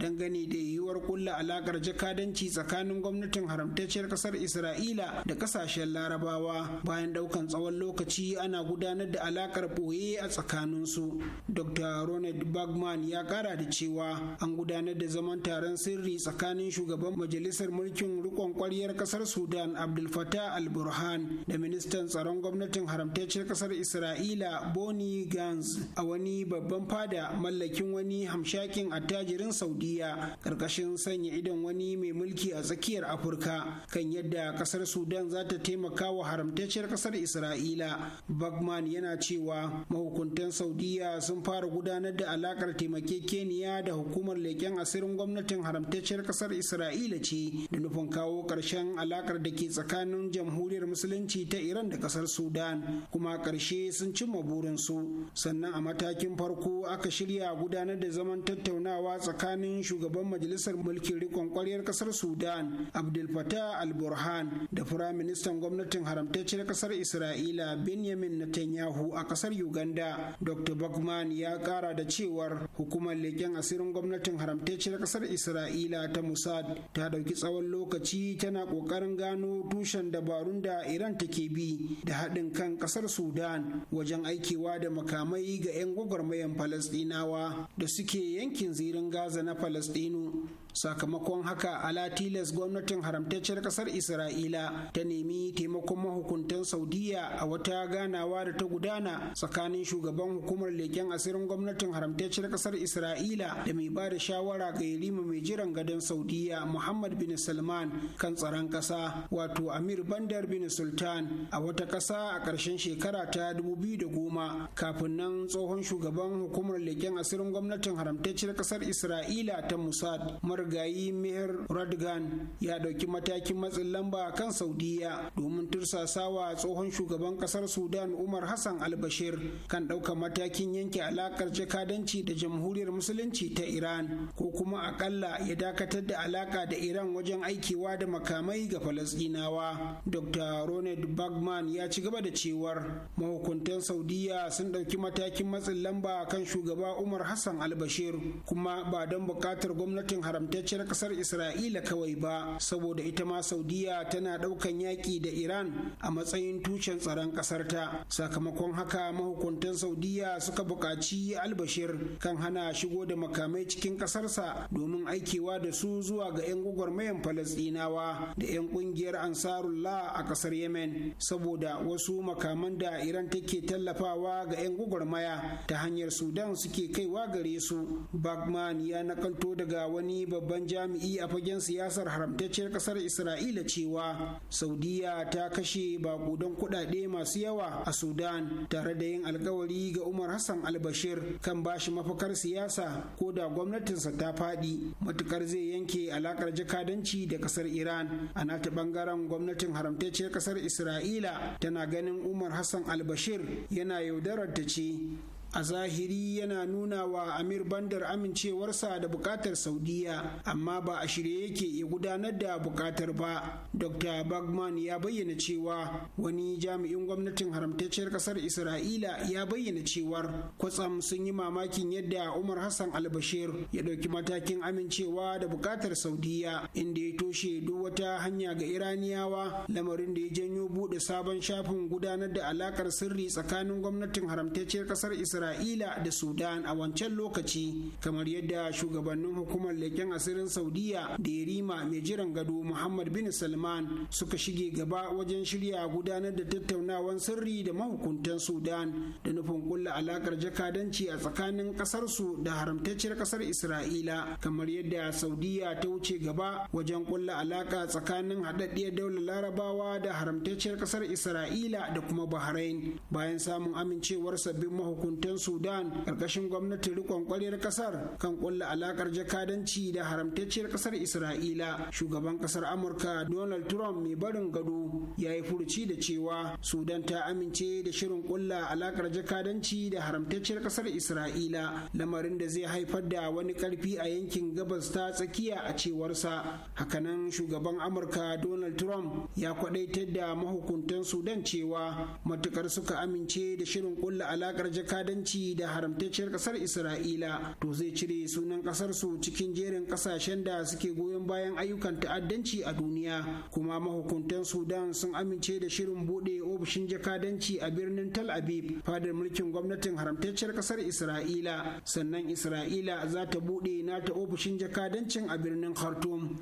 dangane da yiwuwar kulla alakar jakadanci tsakanin gwamnati. gwamnatin haramtacciyar kasar isra'ila da kasashen larabawa bayan daukan tsawon lokaci ana gudanar da alakar boye a tsakaninsu dr ronald bagman ya kara da cewa an gudanar da zaman taron sirri tsakanin shugaban majalisar mulkin rikon kwaryar kasar sudan abdul fatah al burhan da ministan tsaron gwamnatin haramtacciyar kasar isra'ila boni gans a wani babban fada mallakin wani hamshakin attajirin saudiya ƙarƙashin sanya idon wani mai mulki a tsakiyar afirka afirka kan yadda kasar sudan za ta taimaka wa haramtacciyar kasar isra'ila bagman yana cewa mahukuntan saudiya sun fara gudanar da alakar taimakekeniya da hukumar leƙen asirin gwamnatin haramtacciyar kasar isra'ila ce da nufin kawo ƙarshen alakar da ke tsakanin jamhuriyar musulunci ta iran da kasar sudan kuma ƙarshe sun cimma burinsu sannan a matakin farko aka shirya gudanar da zaman tattaunawa tsakanin shugaban majalisar mulkin rikon ƙwaryar kasar sudan abdul abdul al-burhan da firaministan gwamnatin Haramtaccen ƙasar isra'ila benjamin netanyahu a ƙasar uganda dr bagman ya ƙara da cewar hukumar leƙen asirin gwamnatin haramtaccen ƙasar isra'ila ta musad ta ɗauki tsawon lokaci tana ƙoƙarin gano tushen dabarun da iran take bi da haɗin kan ƙasar sudan wajen aikewa da makamai ga 'yan gwagwarmayan falasɗinawa da suke yankin zirin gaza na falasɗinu sakamakon haka ala tilas gwamnatin haramtacciyar kasar isra'ila ta nemi taimakon mahukuntan saudiya a wata ganawa da ta gudana tsakanin shugaban hukumar leken asirin gwamnatin haramtacciyar kasar isra'ila da mai ba da shawara ga yarima mai jiran gadon saudiya muhammad bin salman kan tsaron kasa wato amir bandar bin sultan a wata kasa a ƙarshen shekara ta dubu biyu da goma, kafin nan tsohon shugaban hukumar leken asirin gwamnatin haramtacciyar kasar isra'ila ta musad mar marigayi Meher Radgan ya ɗauki matakin matsin lamba kan Saudiya domin tursasawa tsohon shugaban ƙasar Sudan Umar Hassan al-Bashir kan ɗauka matakin yanke alakar jakadanci da jamhuriyar musulunci ta Iran ko kuma akalla ya dakatar da alaƙa da Iran wajen aikewa da makamai ga Falasɗinawa. Dr. Ronald Bagman ya ci gaba da cewar mahukuntan Saudiya sun ɗauki matakin matsin lamba kan shugaba Umar Hassan al-Bashir kuma ba don buƙatar gwamnatin haramta haramtacciyar kasar isra'ila kawai ba saboda ita ma saudiya tana daukan yaƙi da iran a matsayin tushen tsaron kasar ta sakamakon haka mahukuntan saudiya suka buƙaci albashir kan hana shigo da makamai cikin kasarsa domin aikewa da su zuwa ga 'yan gwagwarmayan falasɗinawa da 'yan ƙungiyar ansarullah a kasar yemen saboda wasu makaman da iran take tallafawa ga 'yan gwagwarmaya ta hanyar sudan suke kaiwa gare su bagman ya nakalto daga wani babban babban jami'i a fagen siyasar haramtacciyar kasar isra'ila cewa saudiya ta kashe bakudan kuɗaɗe masu yawa a sudan tare da yin alkawari ga umar hassan albashir kan bashi mafakar siyasa ko da gwamnatinsa ta faɗi matukar zai yanke alakar jakadanci da kasar iran a nata bangaren gwamnatin haramtacciyar kasar isra'ila tana ganin umar hassan albashir yana yaudarar ta ce a zahiri yana nuna wa amir bandar amincewarsa da bukatar saudiya amma ba a shirye yake ya gudanar da bukatar ba dr bagman ya bayyana cewa wani jami'in gwamnatin haramtacciyar kasar isra'ila ya bayyana cewar kwatsam sun yi mamakin yadda umar hassan albashir ya ɗauki matakin amincewa da bukatar saudiya inda ya toshe duk wata hanya ga iraniyawa lamarin da ya janyo buɗe sabon shafin gudanar da alakar sirri tsakanin gwamnatin haramtacciyar kasar isra'ila isra'ila da sudan a wancan lokaci kamar yadda shugabannin hukumar leken asirin saudiya da yarima mai jiran gado muhammad bin salman suka shige gaba wajen shirya gudanar da tattaunawan sirri da mahukuntan sudan da nufin kulla alakar jakadanci a tsakanin kasarsu da haramtacciyar kasar isra'ila kamar yadda saudiya ta wuce gaba wajen kulla alaka tsakanin haɗaɗɗiyar daular larabawa da haramtacciyar kasar isra'ila da kuma bahrain bayan samun amincewar sabbin mahukuntan sojojin sudan ƙarƙashin gwamnatin rikon ƙwaryar ƙasar kan ƙulla alaƙar jakadanci da haramtacciyar ƙasar isra'ila shugaban ƙasar amurka donald trump mai barin gado ya yi furuci da cewa sudan ta amince da shirin ƙulla alaƙar jakadanci da haramtacciyar ƙasar isra'ila lamarin da zai haifar da wani ƙarfi a yankin gabas ta tsakiya a cewarsa hakanan shugaban amurka donald trump ya kwadaitar da mahukuntan sudan cewa matukar suka amince da shirin ƙulla alaƙar jakadanci ta'addanci da haramtacciyar kasar isra'ila to zai cire sunan kasar su cikin jerin kasashen da suke goyon bayan ayyukan ta'addanci a duniya kuma mahukuntan sudan sun amince da shirin bude ofishin jakadanci a birnin Tal Abib, fadar mulkin gwamnatin haramtacciyar kasar Isra'ila sannan Isra'ila za ta bude nata ofishin jakadancin a birnin Khartoum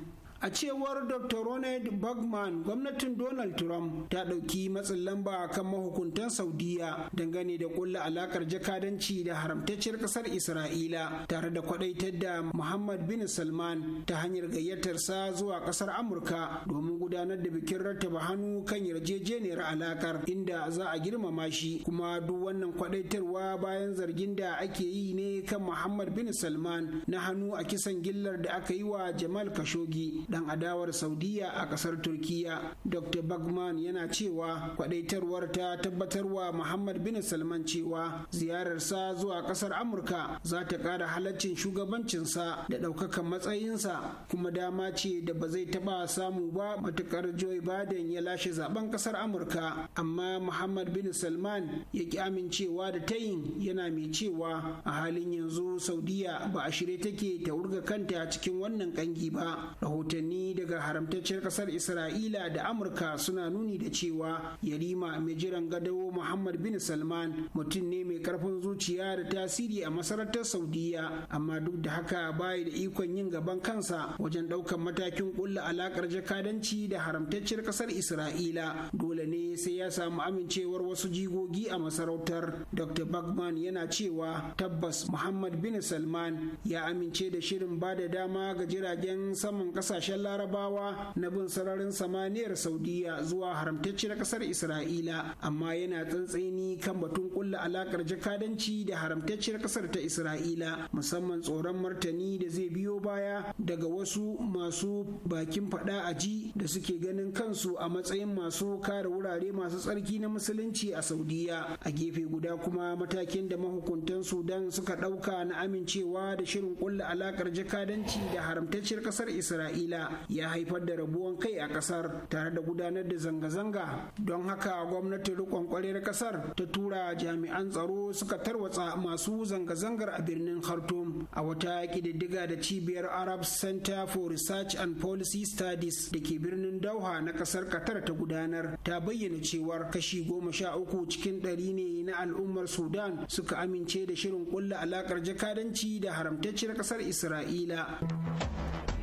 A cewar Dr. Ronald Bergman, gwamnatin Donald Trump ta ɗauki matsin lamba kan mahukuntan Saudiya dangane da ƙulla alakar jakadanci da haramtacciyar ƙasar Isra'ila tare da kwaɗaitar da Muhammad bin Salman ta hanyar gayyatarsa zuwa ƙasar Amurka domin gudanar da bikin rattaba hannu kan yarjejeniyar alakar inda za a girmama shi kuma duk wannan kwaɗaitarwa bayan zargin da ake yi ne kan Muhammad bin Salman na hannu a kisan gillar da aka yi wa Jamal Khashoggi dan adawar saudiya a kasar turkiya dr bagman yana cewa kwadaitarwar ta tabbatarwa muhammad bin salman cewa ziyararsa zuwa kasar amurka za ta kara halaccin shugabancinsa da daukakan matsayinsa kuma dama ce da ba zai taɓa samu ba matukar joe biden ya lashe zaben kasar amurka amma muhammad bin salman ya ki amincewa da tayin yana mai cewa a halin yanzu saudiya ba a shirye take ta wurga kanta cikin wannan kangi ba rahoton rahotanni daga haramtacciyar kasar isra'ila da amurka suna nuni da cewa yarima mai jiran gadawo muhammad bin salman mutum ne mai karfin zuciya da tasiri a masarautar saudiya amma duk da haka bayi da ikon yin gaban kansa wajen ɗaukar matakin ƙulla alakar jakadanci da haramtacciyar kasar isra'ila dole ne sai ya samu amincewar wasu jigogi a masarautar dr bagman yana cewa tabbas muhammad bin salman ya amince da shirin ba da dama ga jiragen saman kasashen kasashen larabawa na bin sararin samaniyar saudiya zuwa haramtacciyar ƙasar isra'ila amma yana tsantseni kan batun kulla alakar jakadanci da haramtacciyar ƙasar ta isra'ila musamman tsoron martani da zai biyo baya daga wasu masu bakin faɗa a ji da suke ganin kansu a matsayin masu kare wurare masu tsarki na musulunci a saudiya a gefe guda kuma matakin da mahukuntan sudan suka ɗauka na amincewa da shirin kulla alakar jakadanci da haramtacciyar ƙasar isra'ila ya haifar da rabuwan kai a kasar tare da gudanar da zanga-zanga don haka gwamnatin rikon kwarar kasar ta tura jami'an tsaro suka tarwatsa masu zanga-zangar a birnin khartoum a wata kididdiga da cibiyar arab center for research and policy studies da ke birnin dauha na kasar qatar ta gudanar ta bayyana cewar kashi goma sha uku cikin ɗari ne na al'ummar sudan suka amince da shirin kulla alakar jakadanci da haramtacciyar kasar isra'ila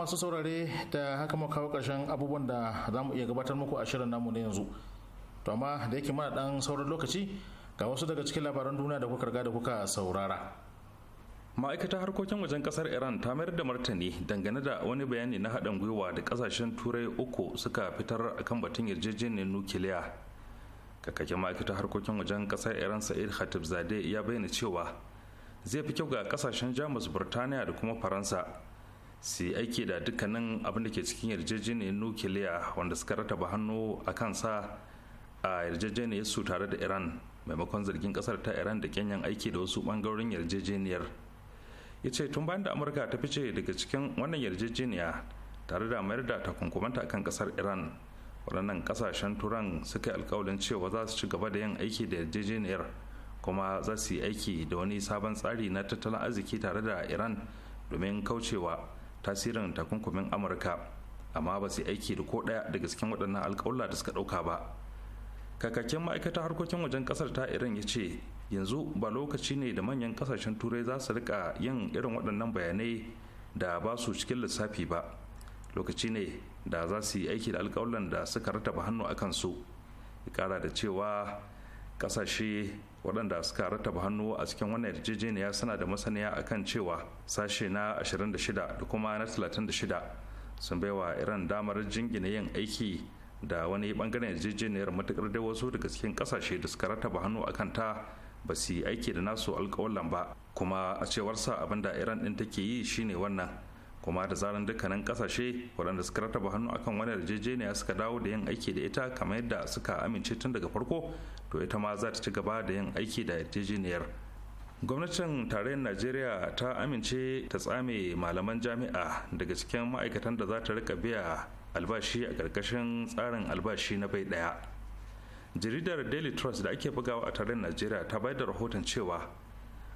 masu saurare da haka mu kawo ƙarshen abubuwan da za mu iya gabatar muku a shirin namu na yanzu to amma da yake mana ɗan sauran lokaci ga wasu daga cikin labaran duniya da kuka riga da kuka saurara ma'aikata harkokin wajen kasar iran ta mayar da martani dangane da wani bayani na haɗin gwiwa da kasashen turai uku suka fitar akan batun yarjejeniyar nukiliya kakakin ma'aikata harkokin wajen kasar iran sa'id khatib zade ya bayyana cewa zai fi kyau ga kasashen jamus burtaniya da kuma faransa su aiki da dukkanin abin da ke cikin yarjejeniyar nukiliya wanda suka rataba hannu a kansa a yarjejeniyar su tare da iran maimakon zargin kasar ta iran da kenyan aiki da wasu bangarorin yarjejeniyar ya ce tun bayan da amurka ta fice daga cikin wannan yarjejeniya tare da mayar da takunkumanta akan kasar iran waɗannan kasashen turan suka yi alkawalin cewa za su ci gaba da yin aiki da yarjejeniyar kuma za su yi aiki da wani sabon tsari na tattalin arziki tare da iran domin kaucewa tasirin takunkumin amurka amma ba su aiki da ko ɗaya daga cikin waɗannan alƙawla da suka ɗauka ba kakakin ma'aikatar harkokin wajen ƙasar ta iran ya ce yanzu ba lokaci ne da manyan ƙasashen turai za su rika yin irin waɗannan bayanai da ba su cikin lissafi ba lokaci ne da za su yi aiki da alkawulan da suka rataba hannu a kansu ya ƙara da cewa ƙasashe waɗanda suka rattaba hannu a cikin wannan yarjejeniya suna da masaniya akan cewa sashe na 26 da kuma na 36 sun baiwa iran damar jingina yin aiki da wani bangaren yarjejeniyar matuƙar da wasu daga cikin ƙasashe da suka rattaba hannu akan ta ba su yi aiki da nasu alkawalan ba kuma a cewar sa abin da iran ɗin take yi shine wannan kuma da zaran dukkanin ƙasashe waɗanda suka rataba hannu akan wani yarjejeniya suka dawo da yin aiki da ita kamar yadda suka amince tun daga farko to ita ma za ta ci gaba da yin aiki da yarjejeniyar gwamnatin tarayyar najeriya ta amince ta tsame malaman jami'a daga cikin ma'aikatan da za ta rika biya albashi a ƙarƙashin tsarin albashi na bai ɗaya jaridar daily trust da ake bugawa a tarayyar najeriya ta bayar da rahoton cewa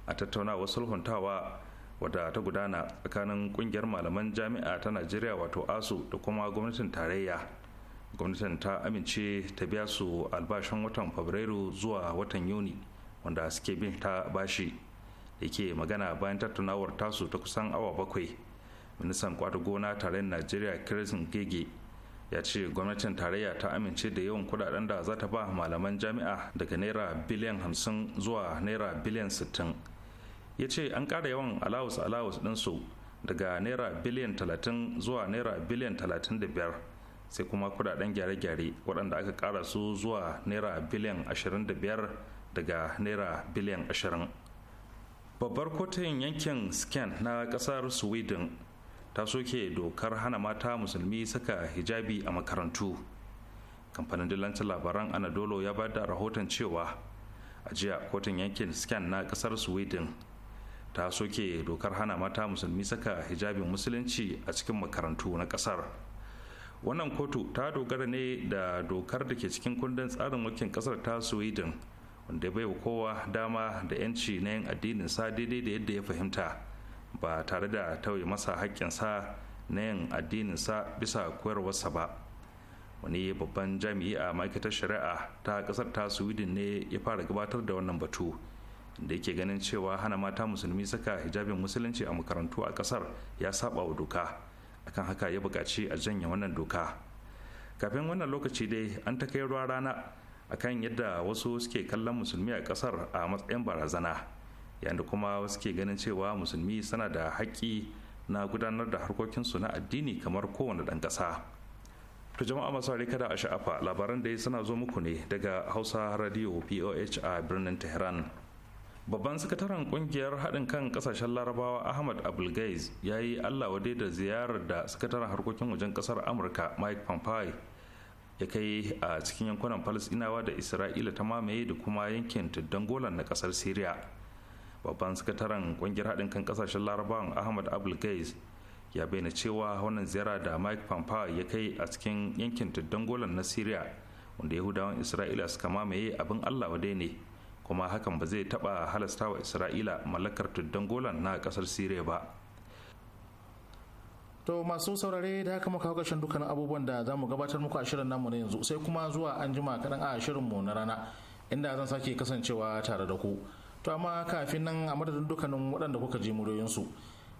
a tattaunawa sulhuntawa wadda ta gudana tsakanin kungiyar malaman jami'a ta najeriya wato asu da kuma gwamnatin tarayya gwamnatin ta amince ta biya su albashin watan fabrairu zuwa watan yuni wanda suke bin ta bashi da ke magana bayan tattaunawar tasu ta kusan awa bakwai ministan kwata gona tarayyar najeriya kirsin gege ya ce gwamnatin tarayya ta amince da yawan kudaden da za ta ba malaman jami'a daga naira biliyan hamsin zuwa naira biliyan sittin ya ce an ƙara yawan alawus alawus ɗinsu daga naira biliyan talatin zuwa naira biliyan talatin da biyar sai kuma kudaden gyare-gyare waɗanda aka ƙara su zuwa naira biliyan 25 daga naira biliyan 20 babbar kotun yankin scan na ƙasar sweden ta soke dokar hana mata musulmi saka hijabi a makarantu kamfanin dillancin labaran anadolo ya bada rahoton cewa a jiya kotun yankin scan na ƙasar sweden ta soke dokar hana mata musulmi saka hijabin musulunci a cikin makarantu na ƙasar. wannan kotu ta dogara ne da dokar da ke cikin kundin tsarin mulkin kasar ta sweden wanda bai kowa dama da 'yanci na yin addinin sa daidai da yadda ya fahimta ba tare da tauye masa haƙƙinsa na yin addinin sa bisa koyarwarsa ba wani babban jami'i a ma'aikatar shari'a ta kasar ta sweden ne ya fara gabatar da wannan batu da yake ganin cewa hana mata musulmi saka hijabin musulunci a makarantu a kasar ya saba wa doka akan haka ya buƙaci a janye wannan doka kafin wannan lokaci dai an ta kai ruwa rana akan yadda wasu suke kallon musulmi a ƙasar a matsayin barazana yadda kuma wasu ke ganin cewa musulmi suna da haƙƙi na gudanar da harkokinsu na addini kamar kowane ɗan ƙasa to jama'a masu kada a sha'afa labaran da suna zo muku ne daga hausa radio poh a birnin tehran babban sakataren kungiyar haɗin kan ƙasashen larabawa ahmad AbulGaiz ya yi allah wade da ziyarar da sakataren harkokin wajen ƙasar amurka mike pompeo ya kai a cikin yankunan falasinawa da isra'ila ta mamaye da kuma yankin tuddan golan na ƙasar syria babban sakataren kungiyar haɗin kan ƙasashen larabawan ahmad AbulGaiz ya bayyana cewa wannan ziyara da mike pompeo ya kai a cikin yankin tuddan golan na syria wanda yahudawan isra'ila suka mamaye abin allah wade ne kuma hakan ba zai taba halasta wa isra'ila mallakar tuddan golan na kasar siriya ba to masu saurare da haka muka kashin dukkanin abubuwan da za mu gabatar muku a shirin namu na yanzu sai kuma zuwa an jima kaɗan a shirin mu na rana inda zan sake kasancewa tare da ku to amma kafin nan a madadin dukkanin waɗanda kuka ji muryoyinsu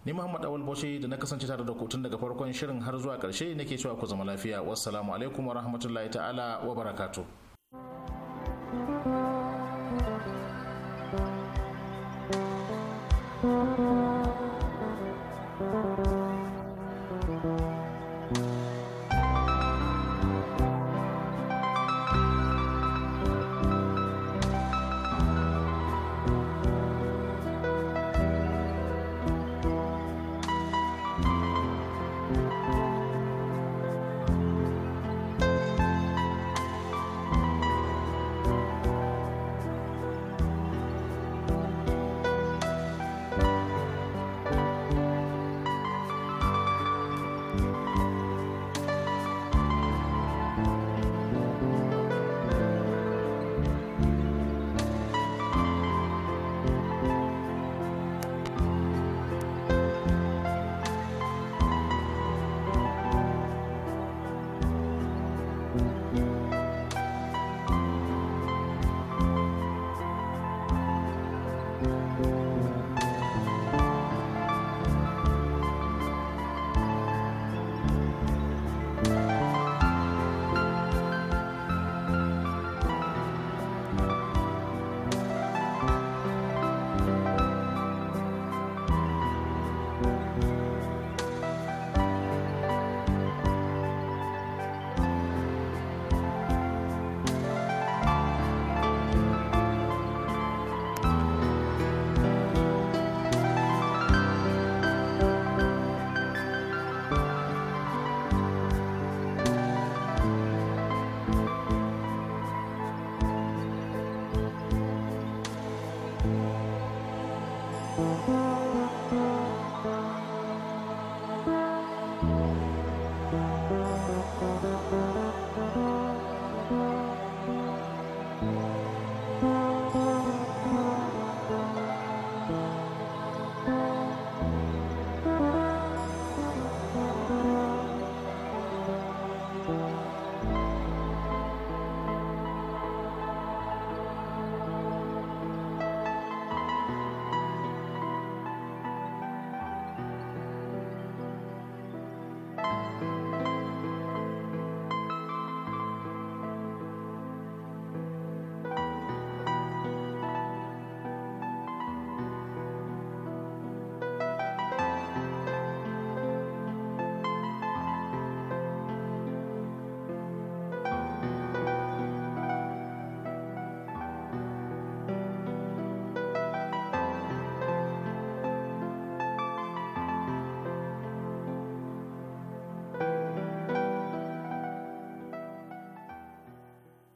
ni muhammad awal bauchi da na kasance tare da ku tun daga farkon shirin har zuwa ƙarshe nake cewa ku zama lafiya wassalamu alaikum wa ta'ala wa barakatuh thank you